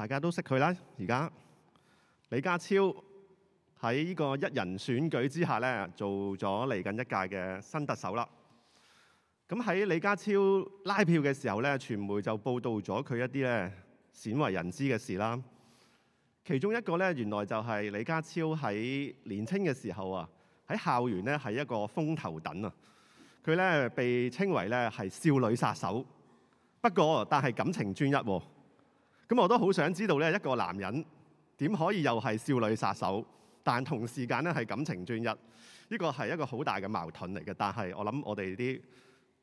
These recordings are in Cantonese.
大家都識佢啦，而家李家超喺呢個一人選舉之下咧，做咗嚟緊一屆嘅新特首啦。咁喺李家超拉票嘅時候咧，傳媒就報道咗佢一啲咧鮮為人知嘅事啦。其中一個咧，原來就係李家超喺年青嘅時候啊，喺校園咧係一個風頭躉啊。佢咧被稱為咧係少女殺手，不過但係感情專一喎，啊。咁我都好想知道咧，一個男人點可以又係少女殺手，但同時間咧係感情專一？呢個係一個好大嘅矛盾嚟嘅。但係我諗我哋啲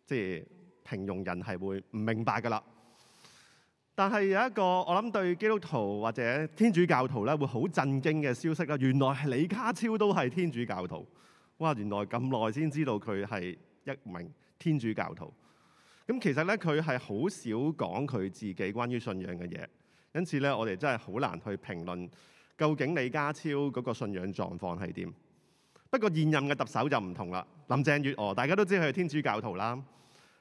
即係平庸人係會唔明白㗎啦。但係有一個我諗對基督徒或者天主教徒咧，會好震驚嘅消息啦。原來係李家超都係天主教徒。哇！原來咁耐先知道佢係一名天主教徒。咁其實咧，佢係好少講佢自己關於信仰嘅嘢，因此咧，我哋真係好難去評論究竟李家超嗰個信仰狀況係點。不過現任嘅特首就唔同啦，林鄭月娥大家都知佢係天主教徒啦。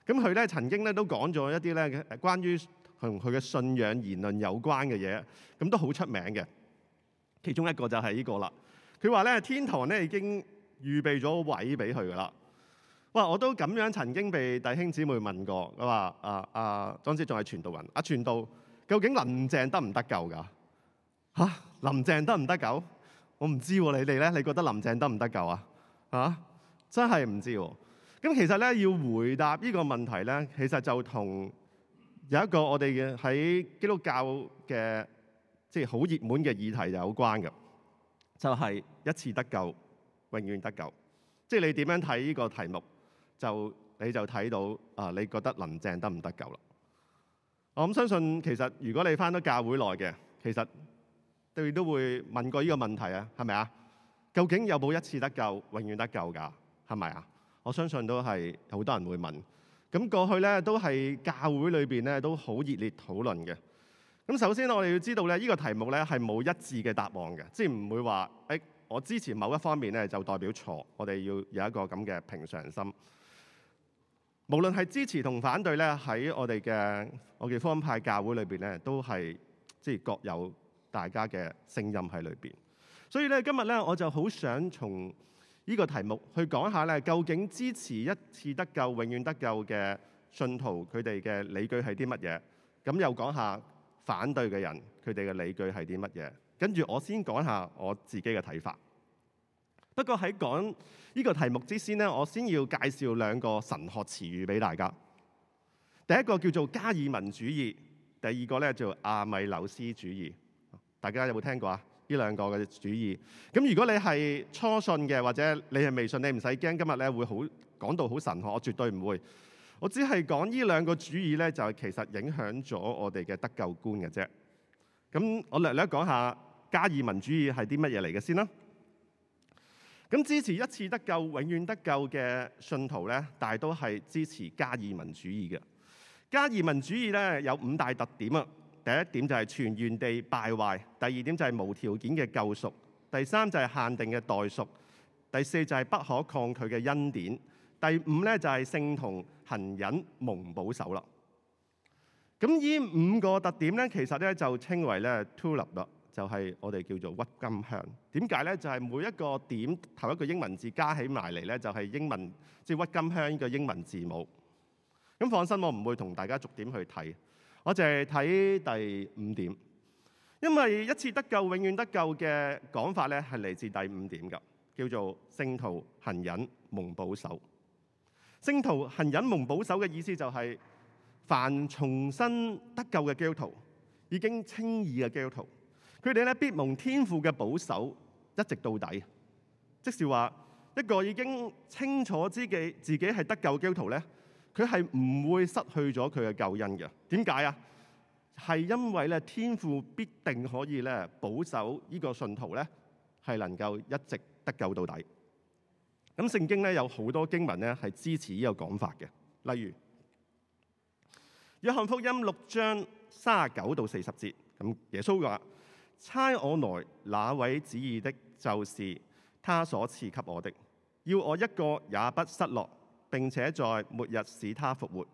咁佢咧曾經咧都講咗一啲咧關於同佢嘅信仰言論有關嘅嘢，咁都好出名嘅。其中一個就係呢個啦，佢話咧天堂咧已經預備咗位俾佢㗎啦。哇！我都咁樣曾經被弟兄姊妹問過，佢話：啊啊，嗰陣時仲係傳道人，阿、啊、傳道究竟林鄭得唔得救㗎？嚇，林鄭得唔得救？我唔知喎、啊，你哋咧，你覺得林鄭得唔得救啊？嚇，真係唔知喎、啊。咁其實咧要回答呢個問題咧，其實就同有一個我哋嘅喺基督教嘅即係好熱門嘅議題有關㗎，就係、是、一次得救，永遠得救。即、就、係、是、你點樣睇呢個題目？就你就睇到啊！你覺得林鄭得唔得救啦？我、嗯、咁相信，其實如果你翻到教會內嘅，其實你都會問過呢個問題啊，係咪啊？究竟有冇一次得救，永遠得救㗎？係咪啊？我相信都係好多人會問。咁過去咧都係教會裏邊咧都好熱烈討論嘅。咁首先我哋要知道咧，依、這個題目咧係冇一致嘅答案嘅，即係唔會話誒、哎、我支持某一方面咧就代表錯。我哋要有一個咁嘅平常心。無論係支持同反對咧，喺我哋嘅我嘅福音派教會裏邊咧，都係即係各有大家嘅聲音喺裏邊。所以咧，今日咧，我就好想從呢個題目去講下咧，究竟支持一次得救、永遠得救嘅信徒佢哋嘅理據係啲乜嘢？咁又講下反對嘅人佢哋嘅理據係啲乜嘢？跟住我先講下我自己嘅睇法。不過喺講呢個題目之先咧，我先要介紹兩個神學詞語俾大家。第一個叫做加爾文主義，第二個咧叫阿米紐斯主義。大家有冇聽過啊？呢兩個嘅主義。咁如果你係初信嘅或者你係未信，你唔使驚，今日咧會好講到好神學，我絕對唔會。我只係講呢兩個主義咧，就係其實影響咗我哋嘅得救觀嘅啫。咁我略略講下加爾文主義係啲乜嘢嚟嘅先啦。咁支持一次得救、永遠得救嘅信徒咧，大都係支持加爾文主義嘅。加爾文主義咧有五大特點啊。第一點就係全然地敗壞；第二點就係無條件嘅救贖；第三就係限定嘅代贖；第四就係不可抗拒嘅恩典；第五咧就係聖同行忍蒙保守啦。咁呢五個特點咧，其實咧就稱為咧 TULIP 啦。就係我哋叫做鬱金香。點解呢？就係每一個點頭一個英文字加起埋嚟呢，就係英文即係鬱金香嘅英文字母。咁放心，我唔會同大家逐點去睇，我淨係睇第五點，因為一次得救、永遠得救嘅講法呢，係嚟自第五點㗎，叫做聖徒恆忍蒙保守。聖徒恆忍蒙保守嘅意思就係凡重生得救嘅基督徒，已經稱義嘅基督徒。佢哋咧必蒙天父嘅保守，一直到底，即是話一個已經清楚知己自己係得救基督徒咧，佢係唔會失去咗佢嘅救恩嘅。點解啊？係因為咧天父必定可以咧保守呢個信徒咧係能夠一直得救到底。咁聖經咧有好多經文咧係支持呢個講法嘅，例如《約翰福音》六章三十九到四十節，咁耶穌話。猜我來那位旨意的，就是他所賜給我的，要我一個也不失落，並且在末日使他復活。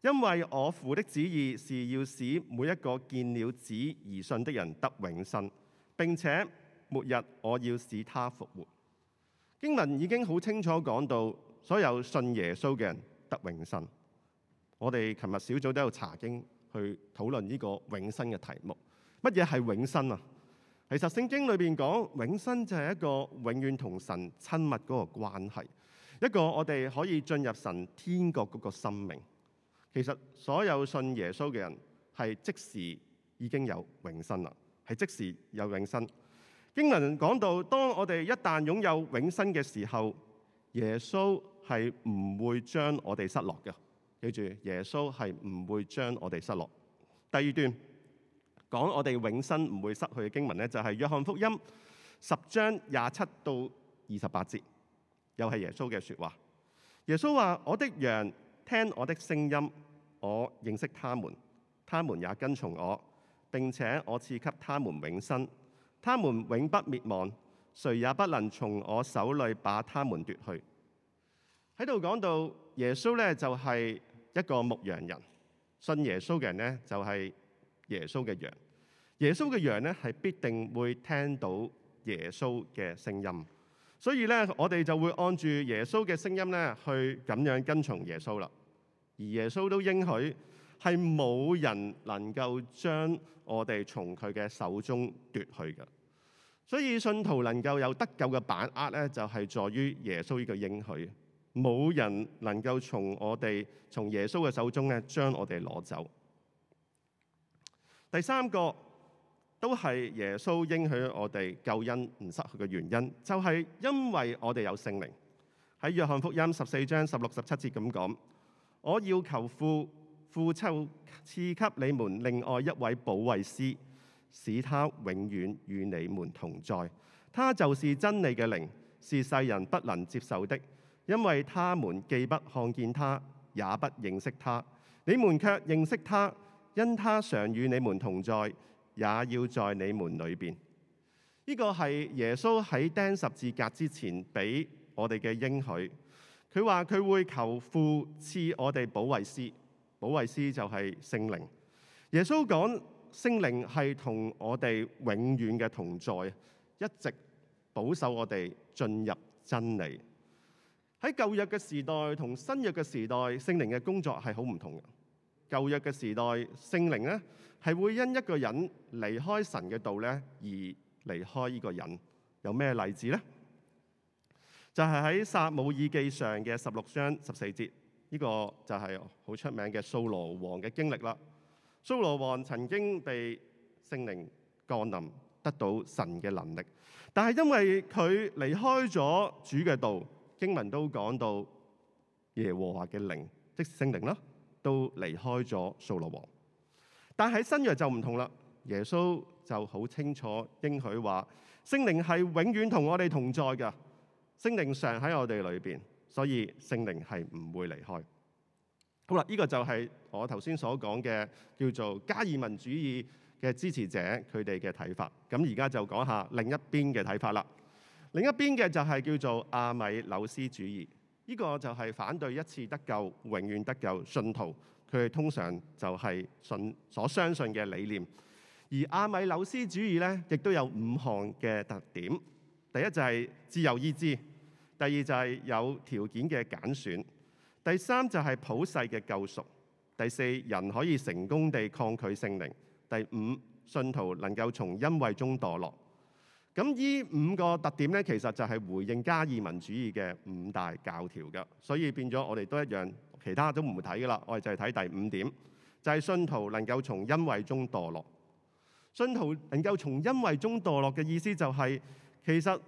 因為我父的旨意是要使每一個見了子而信的人得永生，並且末日我要使他復活。經文已經好清楚講到，所有信耶穌嘅人得永生。我哋琴日小組都有查經去討論呢個永生嘅題目。乜嘢係永生啊？其實聖經裏邊講，永生就係一個永遠同神親密嗰個關係，一個我哋可以進入神天國嗰個生命。其實所有信耶穌嘅人係即時已經有永生啦，係即時有永生。經文講到，當我哋一旦擁有永生嘅時候，耶穌係唔會將我哋失落嘅。記住，耶穌係唔會將我哋失落。第二段。講我哋永生唔會失去嘅經文咧、就是，就係約翰福音十章廿七到二十八節，又係耶穌嘅説話。耶穌話：我的羊聽我的聲音，我認識他們，他們也跟從我。並且我賜給他們永生，他們永不滅亡，誰也不能從我手裏把他們奪去。喺度講到耶穌咧，就係一個牧羊人，信耶穌嘅人咧，就係、是。耶穌嘅羊，耶穌嘅羊咧係必定會聽到耶穌嘅聲音，所以咧我哋就會按住耶穌嘅聲音咧去噉樣跟從耶穌啦。而耶穌都應許係冇人能夠將我哋從佢嘅手中奪去嘅，所以信徒能夠有得救嘅把握咧，就係在於耶穌呢個應許，冇人能夠從我哋從耶穌嘅手中咧將我哋攞走。第三個都係耶穌應許我哋救恩唔失去嘅原因，就係、是、因為我哋有聖靈。喺約翰福音十四章十六十七節咁講：我要求父，父就賜給你們另外一位保惠師，使他永遠與你們同在。他就是真理嘅靈，是世人不能接受的，因為他們既不看見他，也不認識他。你們卻認識他。因他常與你們同在，也要在你們裏面。呢個係耶穌喺釘十字架之前俾我哋嘅應許。佢話佢會求父賜我哋保惠師，保惠師就係聖靈。耶穌講聖靈係同我哋永遠嘅同在，一直保守我哋進入真理。喺舊約嘅時代同新約嘅時代，聖靈嘅工作係好唔同嘅。舊約嘅時代，聖靈咧係會因一個人離開神嘅道咧而離開呢個人。有咩例子呢？就係、是、喺撒姆耳撒母耳記上嘅十六章十四節，呢、這個就係好出名嘅蘇羅王嘅經歷啦。蘇羅王曾經被聖靈降臨，得到神嘅能力，但係因為佢離開咗主嘅道，經文都講到耶和華嘅靈，即係聖靈啦。都離開咗掃羅王，但喺新約就唔同啦。耶穌就好清楚應許話，聖靈係永遠同我哋同在嘅，聖靈常喺我哋裏邊，所以聖靈係唔會離開。好啦，呢個就係我頭先所講嘅叫做加爾文主義嘅支持者佢哋嘅睇法。咁而家就講下另一邊嘅睇法啦。另一邊嘅就係叫做阿米紐斯主義。呢個就係反對一次得救、永遠得救。信徒佢哋通常就係信所相信嘅理念，而阿米紐斯主義咧，亦都有五項嘅特點。第一就係自由意志，第二就係有條件嘅揀選，第三就係普世嘅救贖，第四，人可以成功地抗拒聖靈，第五，信徒能夠從恩惠中墮落。咁呢五個特點咧，其實就係回應加爾文主義嘅五大教條㗎，所以變咗我哋都一樣，其他都唔會睇㗎啦。我哋就係睇第五點，就係、是、信徒能夠從恩惠中墮落。信徒能夠從恩惠中墮落嘅意思就係、是、其實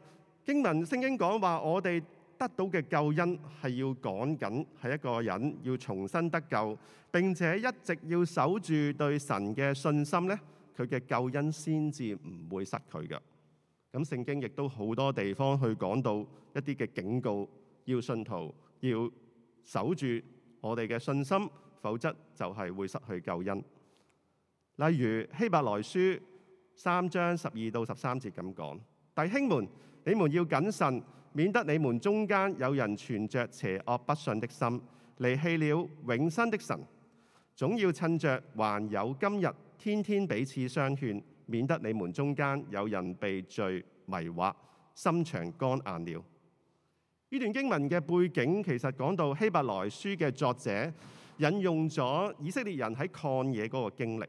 經文聖經講話，我哋得到嘅救恩係要講緊係一個人要重新得救，並且一直要守住對神嘅信心咧，佢嘅救恩先至唔會失佢㗎。咁聖經亦都好多地方去講到一啲嘅警告，要信徒要守住我哋嘅信心，否則就係會失去救恩。例如希伯來書三章十二到十三節咁講：弟兄們，你們要謹慎，免得你們中間有人存着邪惡不信的心，離棄了永生的神。總要趁著還有今日，天天彼此相勸。免得你們中間有人被罪迷惑，心腸剛硬了。呢段經文嘅背景其實講到希伯來書嘅作者引用咗以色列人喺曠野嗰個經歷。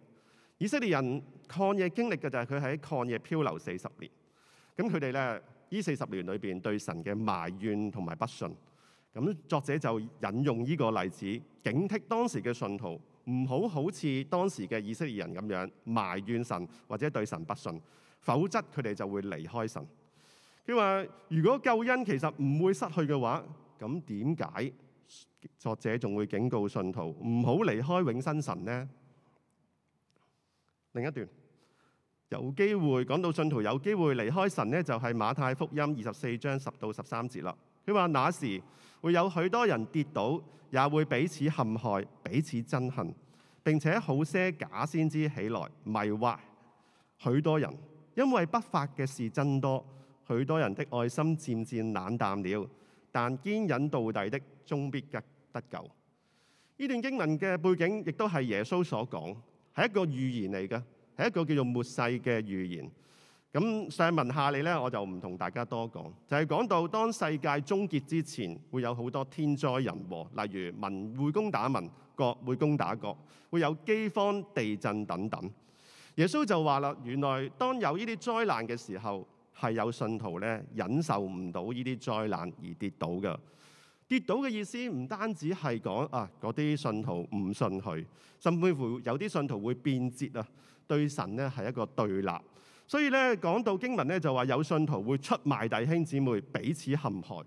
以色列人曠野經歷嘅就係佢喺曠野漂流四十年。咁佢哋咧呢四十年裏邊對神嘅埋怨同埋不信。咁作者就引用呢個例子，警惕當時嘅信徒。唔好好似當時嘅以色列人咁樣埋怨神或者對神不信，否則佢哋就會離開神。佢話：如果救恩其實唔會失去嘅話，咁點解作者仲會警告信徒唔好離開永生神呢？另一段有機會講到信徒有機會離開神呢，就係馬太福音二十四章十到十三節啦。佢話：那時會有許多人跌倒，也會彼此陷害、彼此憎恨，並且好些假先知起來，迷惑許多人。因為不法嘅事增多，許多人的愛心漸漸冷淡了。但堅忍到底的，終必得得救。呢段經文嘅背景亦都係耶穌所講，係一個預言嚟嘅，係一個叫做末世嘅預言。咁上文下理咧，我就唔同大家多講，就係講到當世界終結之前，會有好多天災人禍，例如民會攻打民，國會攻打國，會有饑荒、地震等等。耶穌就話啦：原來當有呢啲災難嘅時候，係有信徒咧忍受唔到呢啲災難而跌倒嘅。跌倒嘅意思唔單止係講啊嗰啲信徒唔信佢，甚至乎有啲信徒會變節啊，對神咧係一個對立。所以咧，講到經文咧，就話有信徒會出賣弟兄姊妹，彼此陷害，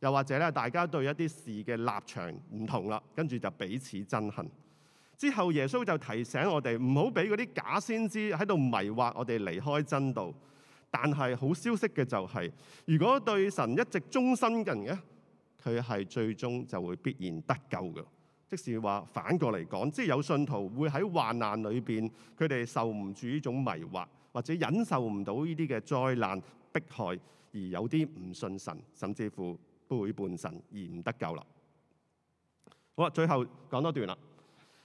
又或者咧，大家對一啲事嘅立場唔同啦，跟住就彼此憎恨。之後耶穌就提醒我哋唔好俾嗰啲假先知喺度迷惑我哋，離開真道。但係好消息嘅就係，如果對神一直忠心嘅人咧，佢係最終就會必然得救嘅。即是話反過嚟講，即係有信徒會喺患難裏邊，佢哋受唔住呢種迷惑。或者忍受唔到呢啲嘅災難迫害，而有啲唔信神，甚至乎背叛神而唔得救啦。好啦，最後講多段啦。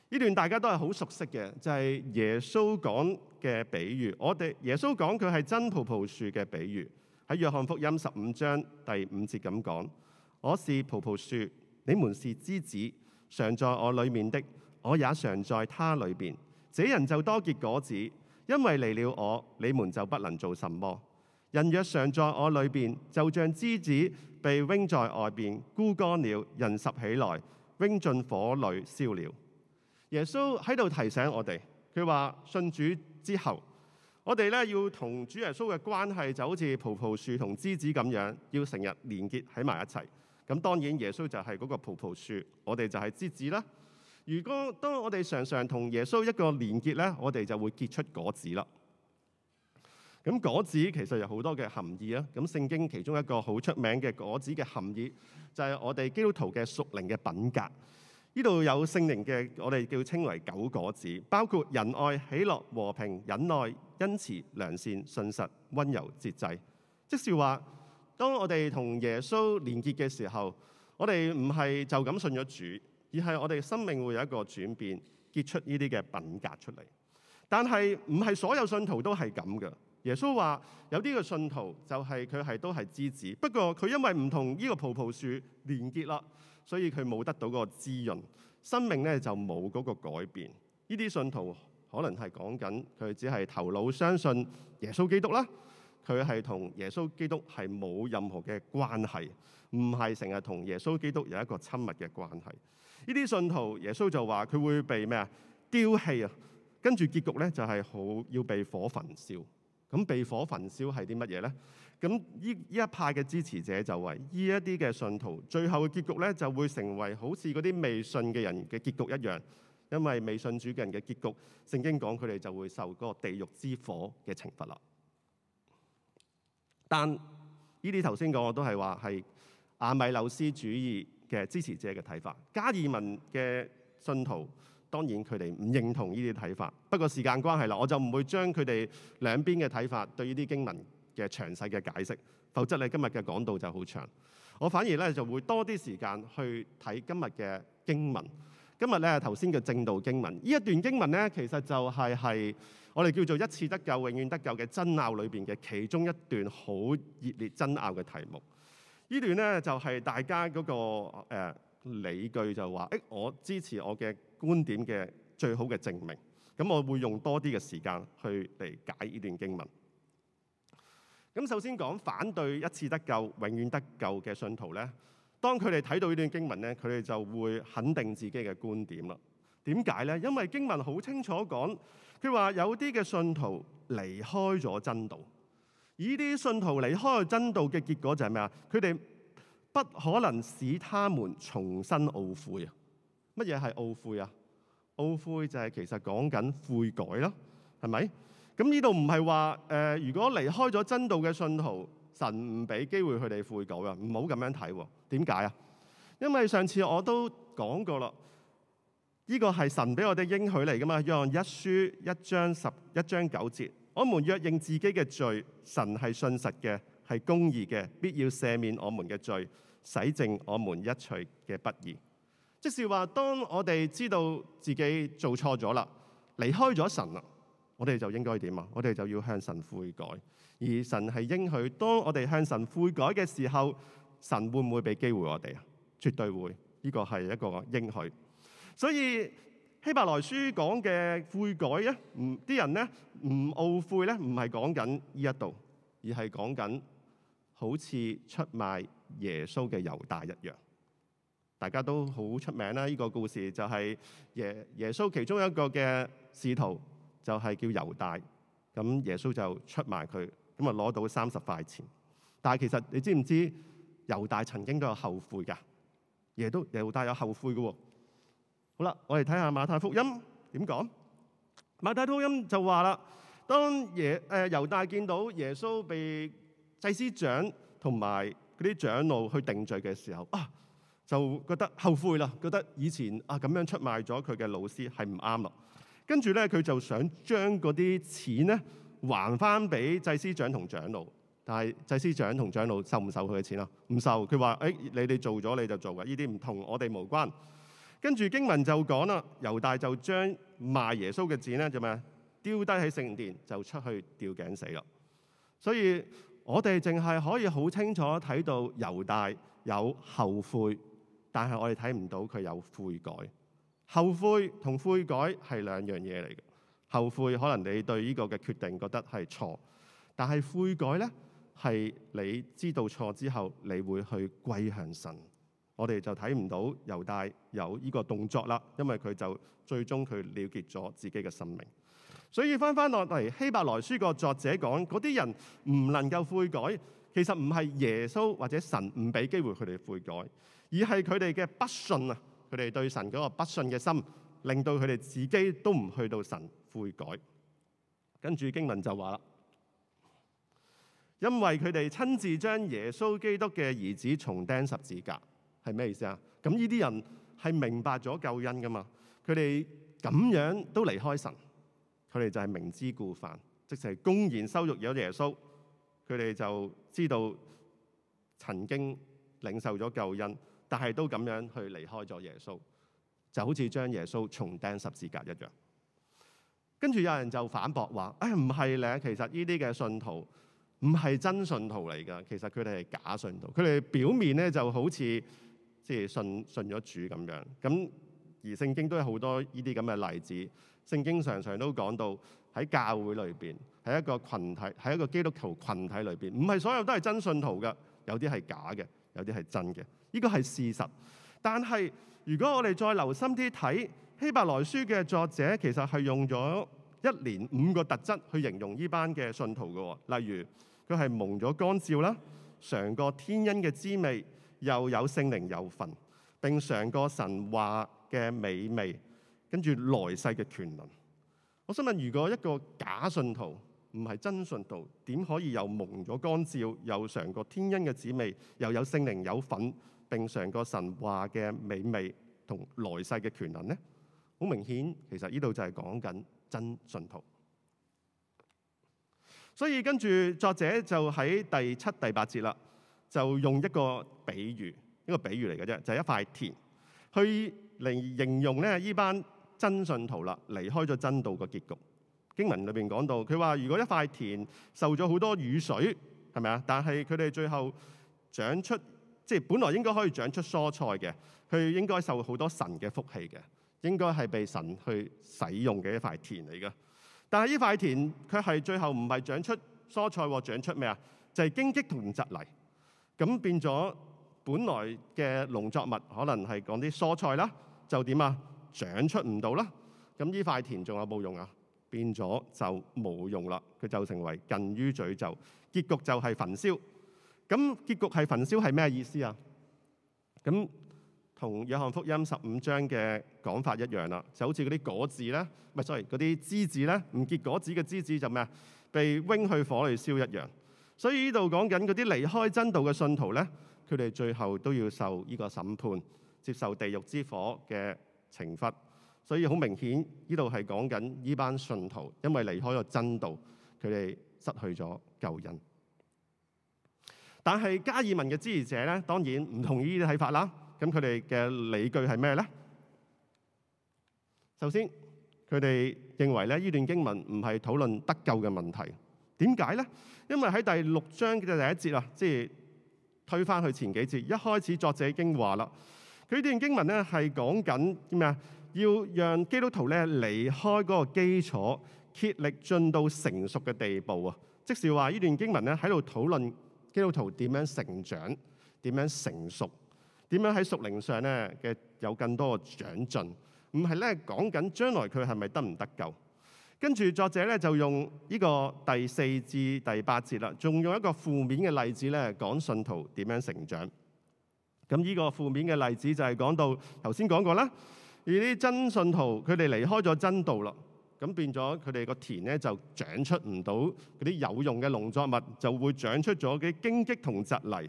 呢段大家都係好熟悉嘅，就係耶穌講嘅比喻。我哋耶穌講佢係真葡萄樹嘅比喻，喺約翰福音十五章第五節咁講：我是葡萄樹，你們是枝子，常在我裏面的，我也常在他裏面。這人就多結果子。因為離了我，你們就不能做什麼。人若常在我裏邊，就像枝子被揈在外邊，枯乾了，人拾起來，揈進火裏燒了。耶穌喺度提醒我哋，佢話：信主之後，我哋呢要同主耶穌嘅關係就好似葡萄樹同枝子咁樣，要成日連結喺埋一齊。咁當然，耶穌就係嗰個葡萄樹，我哋就係枝子啦。如果當我哋常常同耶穌一個連結咧，我哋就會結出果子啦。咁果子其實有好多嘅含義啊。咁聖經其中一個好出名嘅果子嘅含義，就係我哋基督徒嘅屬靈嘅品格。呢度有聖靈嘅，我哋叫稱為九果子，包括仁愛、喜樂、和平、忍耐、恩慈、良善、信實、温柔、節制。即是話，當我哋同耶穌連結嘅時候，我哋唔係就咁信咗主。而係我哋生命會有一個轉變，結出呢啲嘅品格出嚟。但係唔係所有信徒都係咁嘅。耶穌話：有啲嘅信徒就係佢係都係枝子，不過佢因為唔同呢個葡萄樹連結啦，所以佢冇得到個滋潤，生命咧就冇嗰個改變。呢啲信徒可能係講緊佢只係頭腦相信耶穌基督啦，佢係同耶穌基督係冇任何嘅關係，唔係成日同耶穌基督有一個親密嘅關係。呢啲信徒，耶穌就話佢會被咩啊丟棄啊？跟住結局咧就係、是、好要被火焚燒。咁被火焚燒係啲乜嘢咧？咁呢依一派嘅支持者就話呢一啲嘅信徒，最後嘅結局咧就會成為好似嗰啲未信嘅人嘅結局一樣，因為未信主嘅人嘅結局，聖經講佢哋就會受嗰個地獄之火嘅懲罰啦。但呢啲頭先講我都係話係阿米紐斯主義。嘅支持者嘅睇法，加爾文嘅信徒當然佢哋唔認同呢啲睇法。不過時間關係啦，我就唔會將佢哋兩邊嘅睇法對呢啲經文嘅詳細嘅解釋，否則你今日嘅講道就好長。我反而咧就會多啲時間去睇今日嘅經文。今日咧頭先嘅正道經文，呢一段經文咧其實就係係我哋叫做一次得救、永遠得救嘅爭拗裏邊嘅其中一段好熱烈爭拗嘅題目。呢段咧就係大家嗰個呃理據，就話：誒我支持我嘅觀點嘅最好嘅證明。咁我會用多啲嘅時間去嚟解呢段經文。咁首先講反對一次得救、永遠得救嘅信徒咧，當佢哋睇到呢段經文咧，佢哋就會肯定自己嘅觀點啦。點解咧？因為經文好清楚講，佢話有啲嘅信徒離開咗真道。呢啲信徒離開真道嘅結果就係咩啊？佢哋不可能使他們重新懊悔啊！乜嘢係懊悔啊？懊悔就係其實講緊悔改啦，係咪？咁呢度唔係話誒，如果離開咗真道嘅信徒，神唔俾機會佢哋悔改噶，唔好咁樣睇喎、啊。點解啊？因為上次我都講過啦，呢、呢個係神俾我哋應許嚟噶嘛，《約翰一書》一章十一章九節。我們若認自己嘅罪，神係信實嘅，係公義嘅，必要赦免我們嘅罪，洗淨我們一切嘅不義。即是話，當我哋知道自己做錯咗啦，離開咗神啦，我哋就應該點啊？我哋就要向神悔改，而神係應許，當我哋向神悔改嘅時候，神會唔會俾機會我哋啊？絕對會，呢個係一個應許，所以，希伯來書講嘅悔改咧，呢啲人咧唔懊悔咧，唔係講緊呢一度，而係講緊好似出賣耶穌嘅猶大一樣。大家都好出名啦，呢個故事就係耶耶穌其中一個嘅使徒就係叫猶大，咁耶穌就出賣佢，咁啊攞到三十塊錢。但係其實你知唔知猶大曾經都有後悔㗎？耶都猶大有後悔嘅喎。好啦，我哋睇下馬太福音點講。馬太福音就話啦，當耶誒、呃、猶大見到耶穌被祭司長同埋嗰啲長老去定罪嘅時候，啊，就覺得後悔啦，覺得以前啊咁樣出賣咗佢嘅老師係唔啱咯。跟住咧，佢就想將嗰啲錢咧還翻俾祭司長同長老，但係祭司長同長老收唔收佢嘅錢啊？唔收，佢話：誒、哎，你哋做咗你就做嘅，呢啲唔同我哋無關。跟住經文就講啦，猶大就將賣耶穌嘅錢呢，就咩啊？丟低喺聖殿就出去吊頸死咯。所以我哋淨係可以好清楚睇到猶大有後悔，但係我哋睇唔到佢有悔改。後悔同悔改係兩樣嘢嚟嘅。後悔可能你對呢個嘅決定覺得係錯，但係悔改呢，係你知道錯之後，你會去歸向神。我哋就睇唔到猶大有呢個動作啦，因為佢就最終佢了結咗自己嘅生命。所以翻翻落嚟《希伯來書》個作者講嗰啲人唔能夠悔改，其實唔係耶穌或者神唔俾機會佢哋悔改，而係佢哋嘅不信啊。佢哋對神嗰個不信嘅心，令到佢哋自己都唔去到神悔改。跟住經文就話啦，因為佢哋親自將耶穌基督嘅兒子重釘十字架。係咩意思啊？咁呢啲人係明白咗救恩㗎嘛？佢哋咁樣都離開神，佢哋就係明知故犯，即係公然羞辱咗耶穌。佢哋就知道曾經領受咗救恩，但係都咁樣去離開咗耶穌，就好似將耶穌重釘十字架一樣。跟住有人就反駁話：唉、哎，唔係咧，其實呢啲嘅信徒唔係真信徒嚟㗎，其實佢哋係假信徒。佢哋表面咧就好似～即信信咗主咁樣，咁而聖經都有好多呢啲咁嘅例子。聖經常常都講到喺教會裏邊，喺一個羣體，係一個基督徒群體裏邊，唔係所有都係真信徒嘅，有啲係假嘅，有啲係真嘅，呢個係事實。但係如果我哋再留心啲睇希伯來書嘅作者，其實係用咗一連五個特質去形容呢班嘅信徒嘅，例如佢係蒙咗光照啦，嘗過天恩嘅滋味。又有聖靈有份，並嘗過神話嘅美味，跟住來世嘅權能。我想問：如果一個假信徒唔係真信徒，點可以又蒙咗光照，又嘗過天恩嘅滋味，又有聖靈有份，並嘗過神話嘅美味同來世嘅權能呢？好明顯，其實呢度就係講緊真信徒。所以跟住作者就喺第七、第八節啦。就用一個比喻，一個比喻嚟嘅啫，就係一塊田去嚟形容咧。呢班真信徒啦，離開咗真道嘅結局。經文裏邊講到，佢話：如果一塊田受咗好多雨水，係咪啊？但係佢哋最後長出即係本來應該可以長出蔬菜嘅，佢應該受好多神嘅福氣嘅，應該係被神去使用嘅一塊田嚟嘅。但係呢塊田佢係最後唔係長出蔬菜喎，長出咩啊？就係荊棘同蒺藜。咁變咗，本來嘅農作物可能係講啲蔬菜啦，就點啊，長出唔到啦。咁呢塊田仲有冇用啊？變咗就冇用啦，佢就成為近於詛咒，結局就係焚燒。咁結局係焚燒係咩意思啊？咁同約翰福音十五章嘅講法一樣啦，啊，就好似嗰啲果子咧，唔、哎、係 sorry，嗰啲枝子咧，唔結果子嘅枝子就咩啊？被扔去火裏燒一樣。所以呢度講緊嗰啲離開真道嘅信徒咧，佢哋最後都要受呢個審判，接受地獄之火嘅懲罰。所以好明顯，呢度係講緊呢班信徒因為離開咗真道，佢哋失去咗救恩。但係加爾文嘅支持者咧，當然唔同意呢啲睇法啦。咁佢哋嘅理據係咩咧？首先，佢哋認為咧，呢段經文唔係討論得救嘅問題。點解呢？因為喺第六章嘅第一節啊，即係推翻去前幾節一開始作，作者已經話啦。佢段經文咧係講緊咩啊？要讓基督徒咧離開嗰個基礎，竭力進到成熟嘅地步啊！即是話呢段經文咧喺度討論基督徒點樣成長、點樣成熟、點樣喺屬靈上咧嘅有更多嘅長進，唔係咧講緊將來佢係咪得唔得救？跟住作者咧就用呢個第四至第八節啦，仲用一個負面嘅例子咧講信徒點樣成長。咁呢個負面嘅例子就係講到頭先講過啦，而啲真信徒佢哋離開咗真道咯，咁變咗佢哋個田咧就長出唔到嗰啲有用嘅農作物，就會長出咗啲荊棘同蒺藜。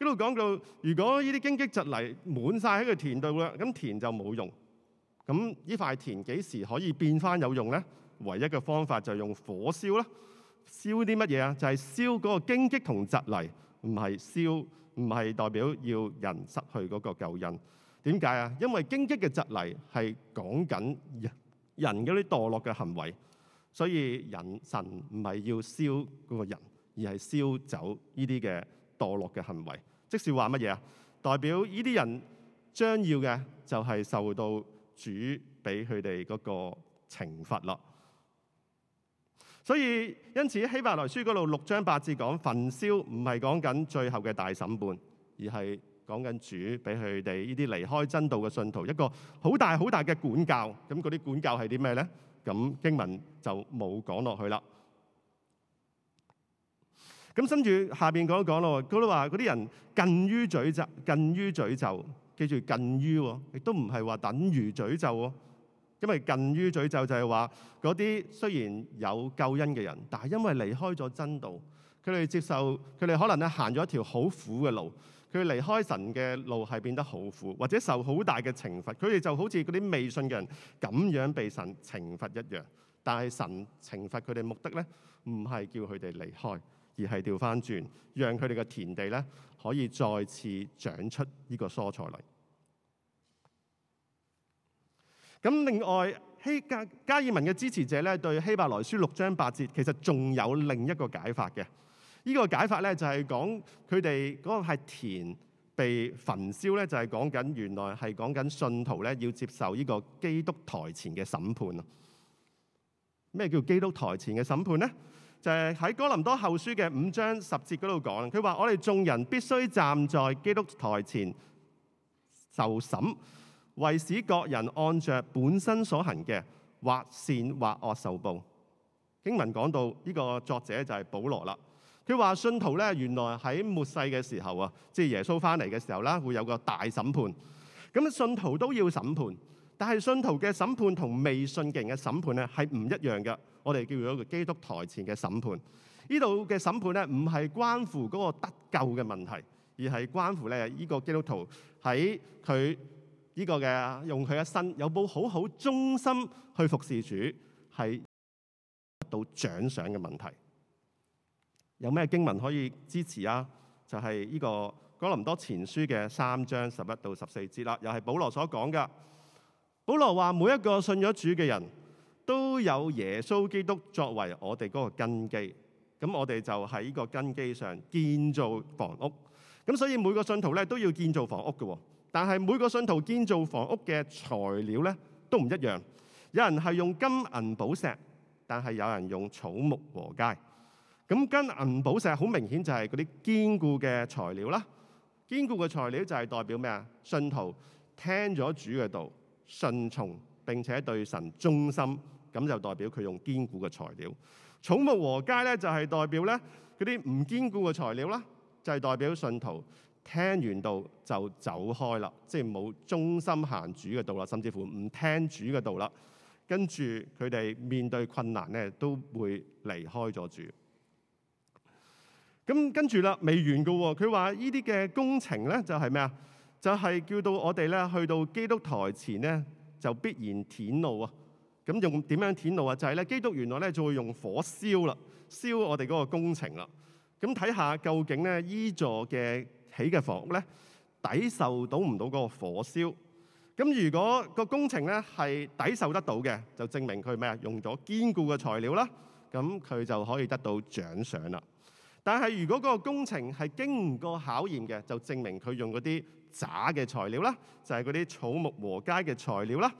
一路講到如果呢啲荊棘蒺藜滿晒喺個田度啦，咁田就冇用。咁呢塊田幾時可以變翻有用咧？唯一嘅方法就用火燒啦，燒啲乜嘢啊？就係燒嗰個荊棘同蒺藜，唔係燒，唔係代表要人失去嗰個救恩。點解啊？因為荊棘嘅蒺藜係講緊人人嗰啲墮落嘅行為，所以人神唔係要燒嗰個人，而係燒走呢啲嘅墮落嘅行為。即係話乜嘢啊？代表呢啲人將要嘅就係受到主俾佢哋嗰個懲罰啦。所以因此希伯來書嗰度六章八節講焚燒，唔係講緊最後嘅大審判，而係講緊主俾佢哋呢啲離開真道嘅信徒一個好大好大嘅管教。咁嗰啲管教係啲咩呢？咁經文就冇講落去啦。咁跟住下邊講一講咯。佢都話嗰啲人近於詛咒，近於詛咒。記住近於，亦都唔係話等於詛咒。因為近於詛咒就係話，嗰啲雖然有救恩嘅人，但係因為離開咗真道，佢哋接受佢哋可能咧行咗一條好苦嘅路，佢離開神嘅路係變得好苦，或者受好大嘅懲罰。佢哋就好似嗰啲未信嘅人咁樣被神懲罰一樣。但係神懲罰佢哋目的咧，唔係叫佢哋離開，而係掉返轉，讓佢哋嘅田地咧可以再次長出呢個蔬菜嚟。咁另外希加加爾文嘅支持者咧，對希伯來書六章八節，其實仲有另一個解法嘅。呢、呢個解法咧，就係講佢哋嗰個係田被焚燒咧，就係講緊原來係講緊信徒咧要接受呢個基督台前嘅審判咯。咩叫基督台前嘅審判咧？就係、是、喺哥林多後書嘅五章十節嗰度講，佢話我哋眾人必須站在基督台前受審。為使各人按着本身所行嘅，或善或惡受報。經文講到呢個作者就係保羅啦。佢話：信徒咧原來喺末世嘅時候啊，即係耶穌翻嚟嘅時候啦，會有個大審判。咁信徒都要審判，但係信徒嘅審判同未信嘅人嘅審判咧係唔一樣嘅。我哋叫做一個基督台前嘅審判。呢度嘅審判咧唔係關乎嗰個得救嘅問題，而係關乎咧呢個基督徒喺佢。呢個嘅用佢嘅一生有冇好好忠心去服侍主，係得到獎賞嘅問題。有咩經文可以支持啊？就係、是、呢個《哥林多前書》嘅三章十一到十四節啦。又係保羅所講嘅。保羅話：每一個信咗主嘅人都有耶穌基督作為我哋嗰個根基，咁我哋就喺呢個根基上建造房屋。咁所以每個信徒咧都要建造房屋嘅。但係每個信徒建造房屋嘅材料咧，都唔一樣。有人係用金銀寶石，但係有人用草木禾秸。咁金銀寶石好明顯就係嗰啲堅固嘅材料啦。堅固嘅材料就係代表咩啊？信徒聽咗主嘅道，信從並且對神忠心，咁就代表佢用堅固嘅材料。草木禾秸咧就係代表咧嗰啲唔堅固嘅材料啦，就係代表信徒。聽完道就走開啦，即係冇忠心行主嘅道啦，甚至乎唔聽主嘅道啦。跟住佢哋面對困難咧，都會離開咗主。咁跟住啦，未完噶。佢話呢啲嘅工程咧，就係咩啊？就係叫到我哋咧去到基督台前咧，就必然顯露啊。咁用點樣顯露啊？就係咧，基督原來咧就會用火燒啦，燒我哋嗰個工程啦。咁睇下究竟咧，依座嘅。起嘅房屋咧，抵受到唔到嗰個火燒。咁如果個工程咧係抵受得到嘅，就證明佢咩啊？用咗堅固嘅材料啦，咁佢就可以得到獎賞啦。但係如果個工程係經唔過考驗嘅，就證明佢用嗰啲渣嘅材料啦，就係嗰啲草木禾稭嘅材料啦。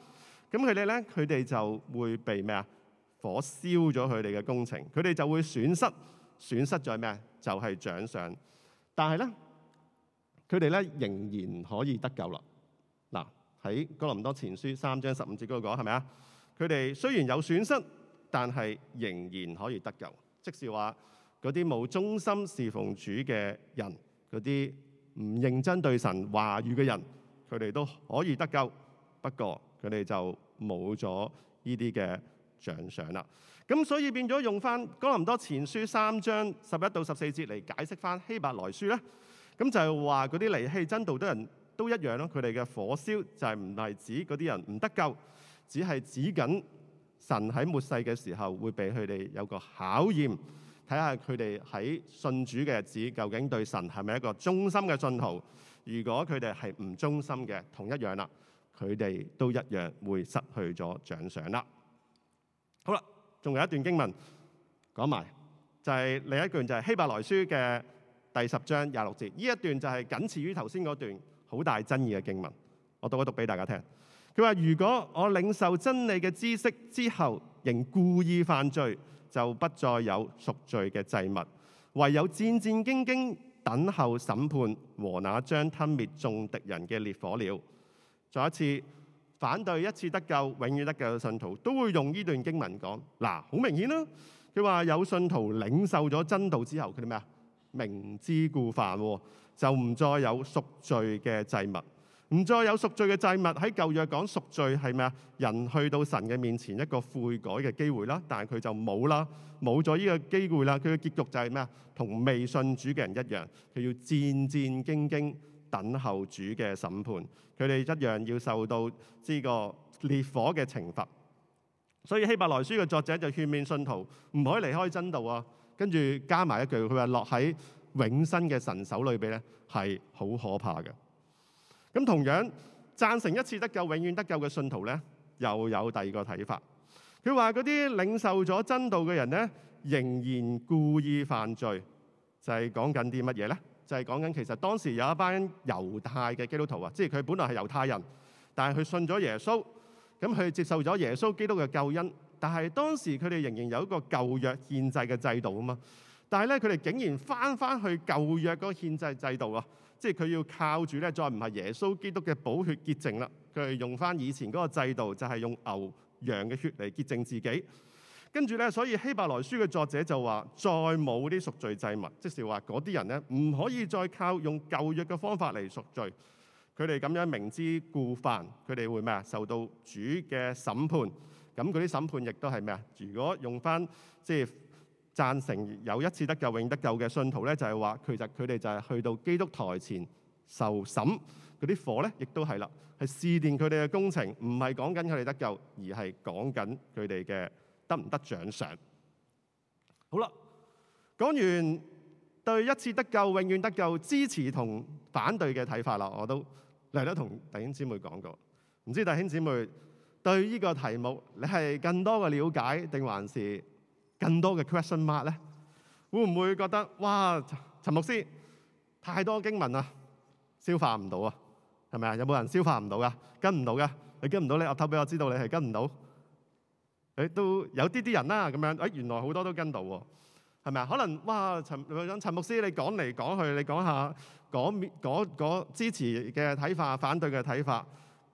咁佢哋咧，佢哋就會被咩啊？火燒咗佢哋嘅工程，佢哋就會損失損失咗咩啊？就係獎賞。但係咧。佢哋咧，仍然可以得救啦。嗱，喺哥林多前書三章十五節嗰個講係咪啊？佢哋雖然有損失，但係仍然可以得救。即是話嗰啲冇忠心侍奉主嘅人，嗰啲唔認真對神話語嘅人，佢哋都可以得救。不過佢哋就冇咗呢啲嘅獎賞啦。咁所以變咗用翻哥林多前書三章十一到十四節嚟解釋翻希伯來書咧。咁就係話嗰啲離棄真道的人都一樣咯，佢哋嘅火燒就係唔係指嗰啲人唔得救，只係指緊神喺末世嘅時候會俾佢哋有個考驗，睇下佢哋喺信主嘅日子究竟對神係咪一個忠心嘅信徒。如果佢哋係唔忠心嘅，同一樣啦，佢哋都一樣會失去咗獎賞啦。好啦，仲有一段經文講埋，就係另一句就係希伯來書嘅。第十章廿六節，呢一段就係僅次於頭先嗰段好大爭議嘅經文，我讀一讀俾大家聽。佢話：如果我領受真理嘅知識之後，仍故意犯罪，就不再有贖罪嘅祭物，唯有戰戰兢兢等候審判和那將吞滅眾敵人嘅烈火了。再一次，反對一次得救、永遠得救嘅信徒都會用呢段經文講。嗱，好明顯啦，啊，佢話有信徒領受咗真道之後，佢哋咩啊？明知故犯，就唔再有贖罪嘅祭物，唔再有贖罪嘅祭物。喺舊約講贖罪係咩啊？人去到神嘅面前一個悔改嘅機會啦，但係佢就冇啦，冇咗呢個機會啦。佢嘅結局就係咩啊？同未信主嘅人一樣，佢要戰戰兢兢等候主嘅審判，佢哋一樣要受到呢個烈火嘅懲罰。所以希伯來書嘅作者就勸勉信徒唔可以離開真道啊！跟住加埋一句，佢話落喺永生嘅神手裏邊咧，係好可怕嘅。咁同樣贊成一次得救、永遠得救嘅信徒咧，又有第二個睇法。佢話嗰啲領受咗真道嘅人咧，仍然故意犯罪，就係講緊啲乜嘢咧？就係講緊其實當時有一班猶太嘅基督徒啊，即係佢本來係猶太人，但係佢信咗耶穌，咁佢接受咗耶穌基督嘅救恩。但係當時佢哋仍然有一個舊約憲制嘅制度啊嘛，但係咧，佢哋竟然翻翻去舊約嗰個憲制制度啊，即係佢要靠住咧，再唔係耶穌基督嘅寶血潔淨啦，佢哋用翻以前嗰個制度，就係用牛羊嘅血嚟潔淨自己。跟住咧，所以希伯來書嘅作者就話：再冇啲贖罪祭物，即是話嗰啲人咧，唔可以再靠用舊約嘅方法嚟贖罪。佢哋咁樣明知故犯，佢哋會咩啊？受到主嘅審判。咁嗰啲審判亦都係咩啊？如果用翻即係贊成有一次得救、永得救嘅信徒咧，就係話佢就佢哋就係去到基督台前受審，嗰啲火咧亦都係啦，係試煉佢哋嘅工程，唔係講緊佢哋得救，而係講緊佢哋嘅得唔得獎賞。好啦，講完對一次得救、永遠得救支持同反對嘅睇法啦，我都嚟到同弟兄姊妹講過，唔知弟兄姊妹？對呢個題目，你係更多嘅了解定還是更多嘅 question mark 咧？會唔會覺得哇，陳牧師太多經文啦，消化唔到啊？係咪啊？有冇人消化唔到噶？跟唔到噶？跟你跟唔到你噏透俾我知道你係跟唔到。誒都有啲啲人啦、啊，咁樣誒原來好多都跟到喎，係咪啊？可能哇，陳陳牧師你講嚟講去，你講下嗰面支持嘅睇法，反對嘅睇法。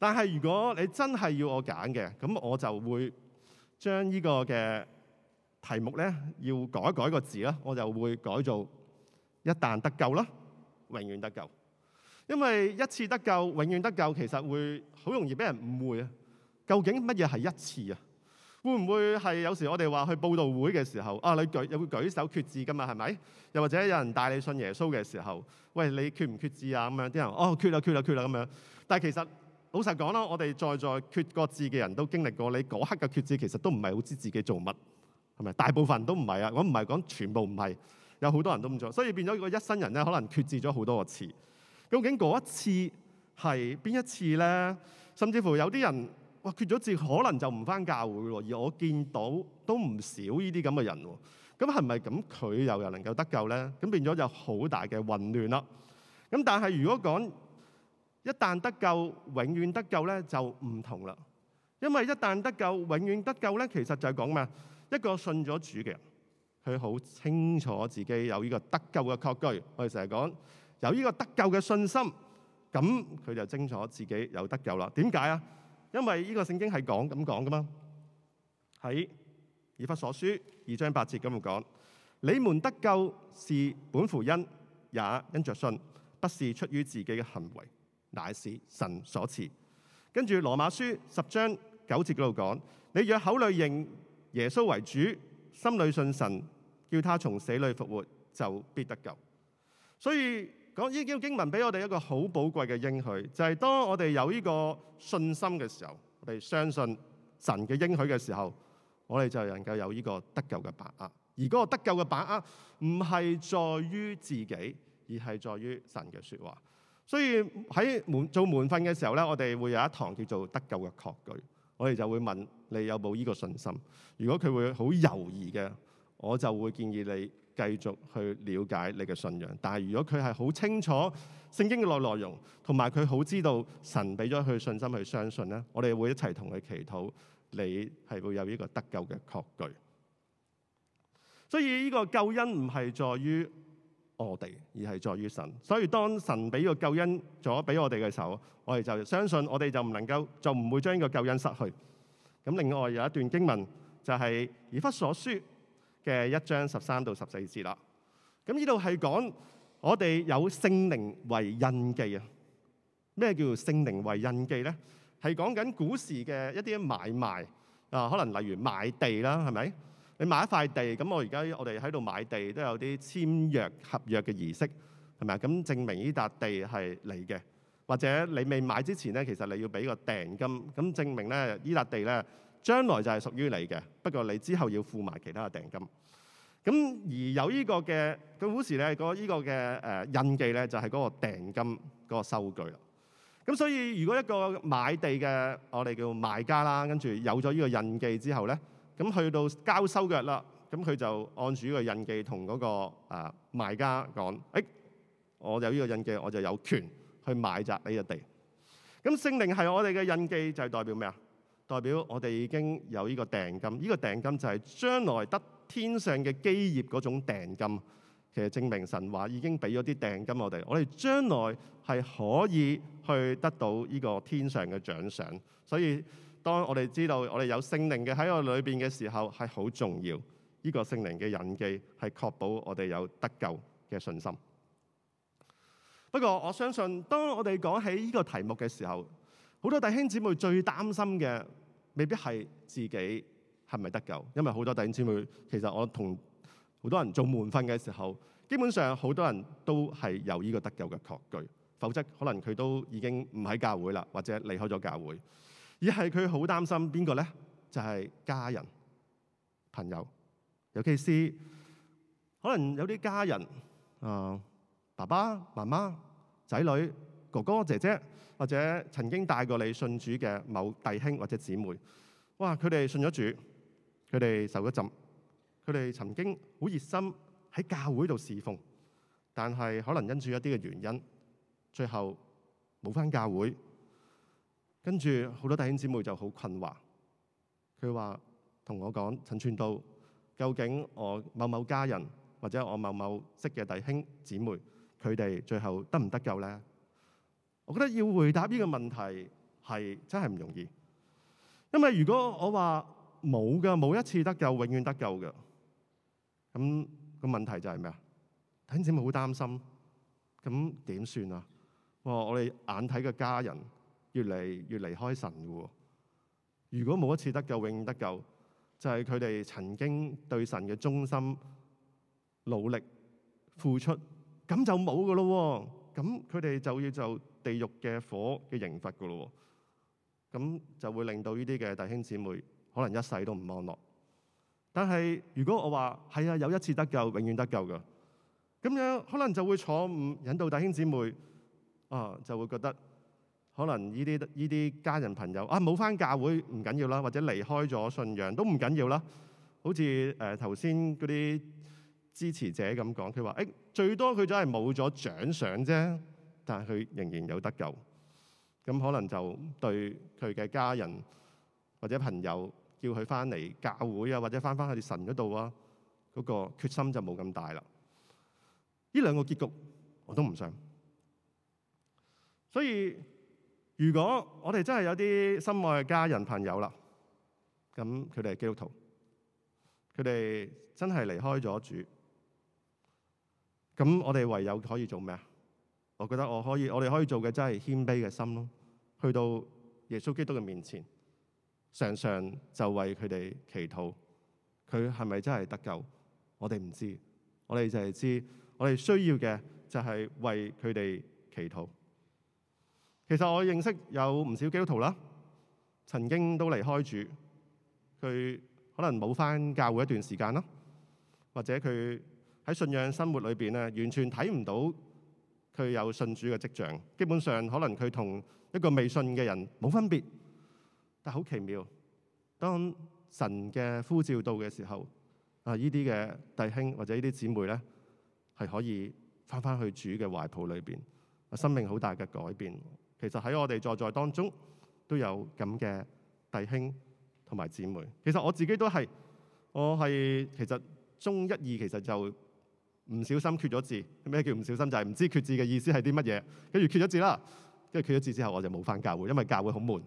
但係如果你真係要我揀嘅，咁我就會將呢個嘅題目咧要改一改個字啦，我就會改做一旦得救啦，永遠得救。因為一次得救，永遠得救其實會好容易俾人誤會啊！究竟乜嘢係一次啊？會唔會係有時我哋話去佈道會嘅時候啊？你舉又會舉手決志㗎嘛？係咪？又或者有人帶你信耶穌嘅時候，喂，你決唔決志啊？咁樣啲人哦決啦，決啦，決啦，咁樣，但係其實。老實講啦，我哋在在決過志嘅人都經歷過，你嗰刻嘅決志其實都唔係好知自己做乜，係咪？大部分都唔係啊，我唔係講全部唔係，有好多人都唔做，所以變咗個一生人咧，可能決志咗好多個次。究竟嗰一次係邊一次咧？甚至乎有啲人哇決咗志可能就唔翻教會喎，而我見到都唔少呢啲咁嘅人喎。咁係咪咁佢又又能夠得救咧？咁變咗就好大嘅混亂啦。咁但係如果講一旦得救，永遠得救咧，就唔同啦。因為一旦得救，永遠得救咧，其實就係講咩？一個信咗主嘅人，佢好清楚自己有呢個得救嘅確據。我哋成日講有呢個得救嘅信心，咁佢就清楚自己有得救啦。點解啊？因為呢個聖經係講咁講噶嘛，喺以弗所書二章八節咁講：你們得救是本乎恩，也因着信，不是出於自己嘅行為。乃是神所賜。跟住羅馬書十章九節嗰度講：你若口裏認耶穌為主，心裏信神，叫他從死裏復活，就必得救。所以講呢啲經文俾我哋一個好寶貴嘅應許，就係當我哋有呢個信心嘅時候，我哋相信神嘅應許嘅時候，我哋就能夠有呢個得救嘅把握。而嗰個得救嘅把握唔係在於自己，而係在於神嘅說話。所以喺門做門訓嘅時候咧，我哋會有一堂叫做得救嘅確據。我哋就會問你有冇依個信心？如果佢會好猶豫嘅，我就會建議你繼續去了解你嘅信仰。但係如果佢係好清楚聖經嘅內內容，同埋佢好知道神俾咗佢信心去相信咧，我哋會一齊同佢祈禱，你係會有呢個得救嘅確據。所以呢個救恩唔係在於。我哋而係在於神，所以當神俾個救恩咗俾我哋嘅時候，我哋就相信我哋就唔能夠就唔會將呢個救恩失去。咁另外有一段經文就係《以弗所書》嘅一章十三到十四節啦。咁呢度係講我哋有聖靈為印記啊。咩叫做聖靈為印記咧？係講緊古時嘅一啲買賣啊，可能例如買地啦，係咪？你買一塊地，咁我而家我哋喺度買地都有啲簽約合約嘅儀式，係咪啊？咁證明依笪地係你嘅，或者你未買之前咧，其實你要俾個訂金，咁證明咧依笪地咧將來就係屬於你嘅。不過你之後要付埋其他嘅訂金。咁而有依個嘅，到時咧嗰依個嘅誒印記咧，就係嗰個訂金嗰個收據啦。咁所以如果一個買地嘅我哋叫賣家啦，跟住有咗依個印記之後咧。咁去到交收嘅日啦，咁佢就按住呢個印記同嗰個啊賣家講，誒，我有呢個印記，我就有權去買曬呢個地。咁聖靈係我哋嘅印記，就係代表咩啊？代表我哋已經有呢個訂金。呢個訂金就係將來得天上嘅基業嗰種訂金，其實證明神話已經俾咗啲訂金我哋。我哋將來係可以去得到呢個天上嘅獎賞。所以。當我哋知道我哋有聖靈嘅喺我裏邊嘅時候，係好重要。呢、這個聖靈嘅印記係確保我哋有得救嘅信心。不過我相信，當我哋講起呢個題目嘅時候，好多弟兄姊妹最擔心嘅未必係自己係咪得救，因為好多弟兄姊妹其實我同好多人做門訓嘅時候，基本上好多人都係有呢個得救嘅確據，否則可能佢都已經唔喺教會啦，或者離開咗教會。而係佢好擔心邊個咧？就係、是、家人、朋友，尤其是可能有啲家人啊、嗯，爸爸、媽媽、仔女、哥哥、姐姐，或者曾經帶過你信主嘅某弟兄或者姊妹。哇！佢哋信咗主，佢哋受咗浸，佢哋曾經好熱心喺教會度侍奉，但係可能因住一啲嘅原因，最後冇返教會。跟住好多弟兄姊妹就好困惑，佢話同我講：陳傳道，究竟我某某家人或者我某某識嘅弟兄姊妹，佢哋最後得唔得救呢？我覺得要回答呢個問題係真係唔容易，因為如果我話冇㗎，冇一次得救，永遠得救嘅，咁個問題就係咩啊？弟兄姊妹好擔心，咁點算啊？我哋眼睇嘅家人。越嚟越離開神喎。如果冇一次得救，永遠得救，就係佢哋曾經對神嘅忠心、努力、付出，咁就冇噶咯。咁佢哋就要就地獄嘅火嘅刑罰噶咯。咁就會令到呢啲嘅弟兄姊妹可能一世都唔安樂。但係如果我話係啊，有一次得救，永遠得救嘅，咁樣可能就會錯誤引導弟兄姊妹啊，就會覺得。可能依啲依啲家人朋友啊冇翻教會唔緊要啦，或者離開咗信仰都唔緊要啦。好似誒頭先嗰啲支持者咁講，佢話誒最多佢就係冇咗獎賞啫，但係佢仍然有得救。咁可能就對佢嘅家人或者朋友叫佢翻嚟教會啊，或者翻翻去神嗰度啊，嗰個決心就冇咁大啦。依兩個結局我都唔想，所以。如果我哋真係有啲心愛嘅家人朋友啦，咁佢哋係基督徒，佢哋真係離開咗主，咁我哋唯有可以做咩啊？我覺得我可以，我哋可以做嘅真係謙卑嘅心咯，去到耶穌基督嘅面前，常常就為佢哋祈禱。佢係咪真係得救？我哋唔知，我哋就係知，我哋需要嘅就係為佢哋祈禱。其實我認識有唔少基督徒啦，曾經都離開主，佢可能冇翻教會一段時間啦，或者佢喺信仰生活裏邊咧，完全睇唔到佢有信主嘅跡象。基本上可能佢同一個未信嘅人冇分別，但好奇妙，當神嘅呼召到嘅時候，啊，呢啲嘅弟兄或者呢啲姊妹咧，係可以翻翻去主嘅懷抱裏邊，啊，生命好大嘅改變。其實喺我哋在在當中都有咁嘅弟兄同埋姊妹。其實我自己都係，我係其實中一二其實就唔小心決咗志。咩叫唔小心？就係唔知決志嘅意思係啲乜嘢。跟住決咗志啦，跟住決咗志之後我就冇翻教會，因為教會好悶。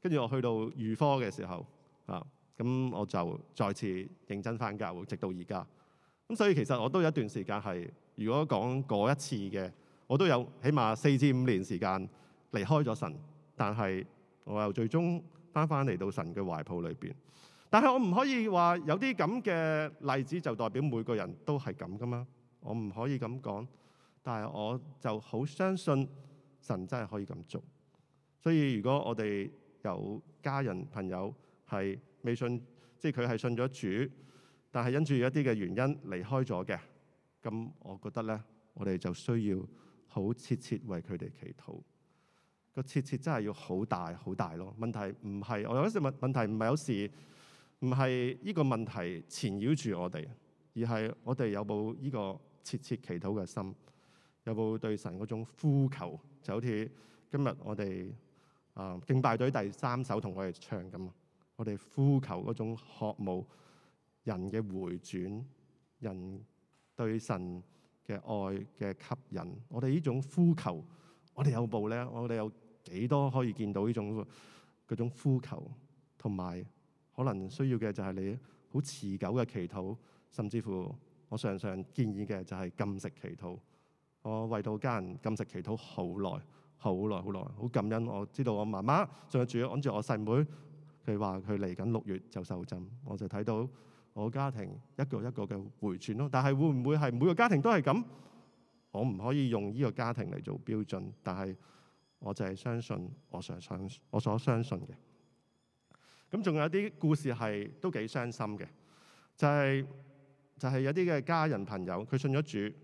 跟住我去到預科嘅時候啊，咁我就再次認真翻教會，直到而家。咁所以其實我都有一段時間係，如果講過一次嘅，我都有起碼四至五年時間，離開咗神，但係我又最終翻返嚟到神嘅懷抱裏邊。但係我唔可以話有啲咁嘅例子就代表每個人都係咁㗎嘛？我唔可以咁講，但係我就好相信神真係可以咁做。所以如果我哋有家人朋友係未信，即係佢係信咗主，但係因住一啲嘅原因離開咗嘅，咁我覺得呢，我哋就需要好切切為佢哋祈禱。個切切真係要好大好大咯！問題唔係我有時問問題，唔係有時，唔係依個問題纏繞住我哋，而係我哋有冇依個切切祈禱嘅心，有冇對神嗰種呼求，就好似今日我哋啊、呃、敬拜隊第三首同我哋唱咁，我哋呼求嗰種渴慕人嘅回轉，人對神嘅愛嘅吸引，我哋呢種呼求，我哋有冇呢？我哋有。幾多可以見到呢種嗰種呼求，同埋可能需要嘅就係你好持久嘅祈禱，甚至乎我常常建議嘅就係禁食祈禱。我為到家人禁食祈禱好耐、好耐、好耐，好感恩。我知道我媽媽仲近住住我細妹佢話佢嚟緊六月就受浸。我就睇到我家庭一個一個嘅回轉咯。但係會唔會係每個家庭都係咁？我唔可以用呢個家庭嚟做標準，但係。我就係相信我想相我所相信嘅。咁仲有啲故事係都幾傷心嘅，就係、就係、有啲嘅家人朋友佢信咗主，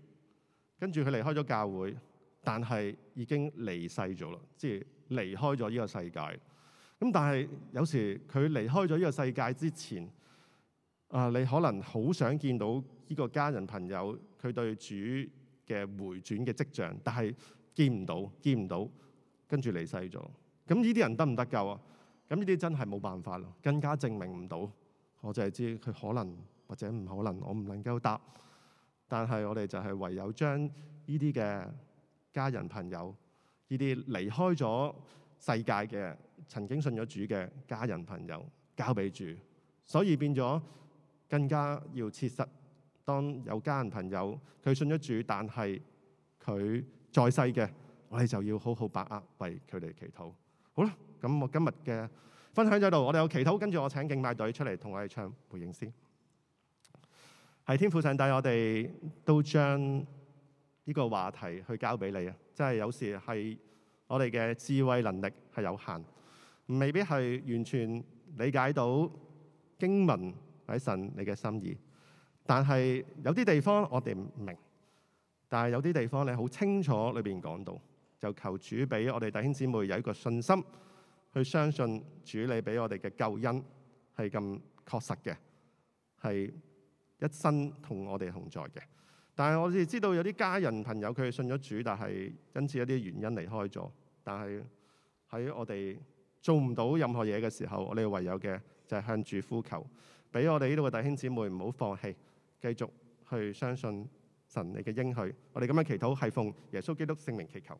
跟住佢離開咗教會，但係已經離世咗啦，即係離開咗呢個世界。咁但係有時佢離開咗呢個世界之前，啊，你可能好想見到呢個家人朋友佢對主嘅回轉嘅跡象，但係見唔到，見唔到。跟住離世咗，咁呢啲人得唔得救啊？咁呢啲真係冇辦法咯，更加證明唔到。我就係知佢可能或者唔可能，我唔能夠答。但係我哋就係唯有將呢啲嘅家人朋友，呢啲離開咗世界嘅曾經信咗主嘅家人朋友交俾主，所以變咗更加要切實。當有家人朋友佢信咗主，但係佢在世嘅。我哋就要好好把握，為佢哋祈禱。好啦，咁我今日嘅分享喺度，我哋有祈禱，跟住我請敬拜隊出嚟同我哋唱回應先。係天父上帝，我哋都將呢個話題去交俾你啊！即係有時係我哋嘅智慧能力係有限，未必係完全理解到經文或者神你嘅心意。但係有啲地方我哋唔明，但係有啲地方你好清楚裏邊講到。就求主俾我哋弟兄姊妹有一個信心，去相信主，你俾我哋嘅救恩係咁確實嘅，係一生同我哋同在嘅。但係我哋知道有啲家人朋友佢哋信咗主，但係因此一啲原因離開咗。但係喺我哋做唔到任何嘢嘅時候，我哋唯有嘅就係向主呼求，俾我哋呢度嘅弟兄姊妹唔好放棄，繼續去相信神你嘅應許。我哋咁樣祈禱係奉耶穌基督聖名祈求。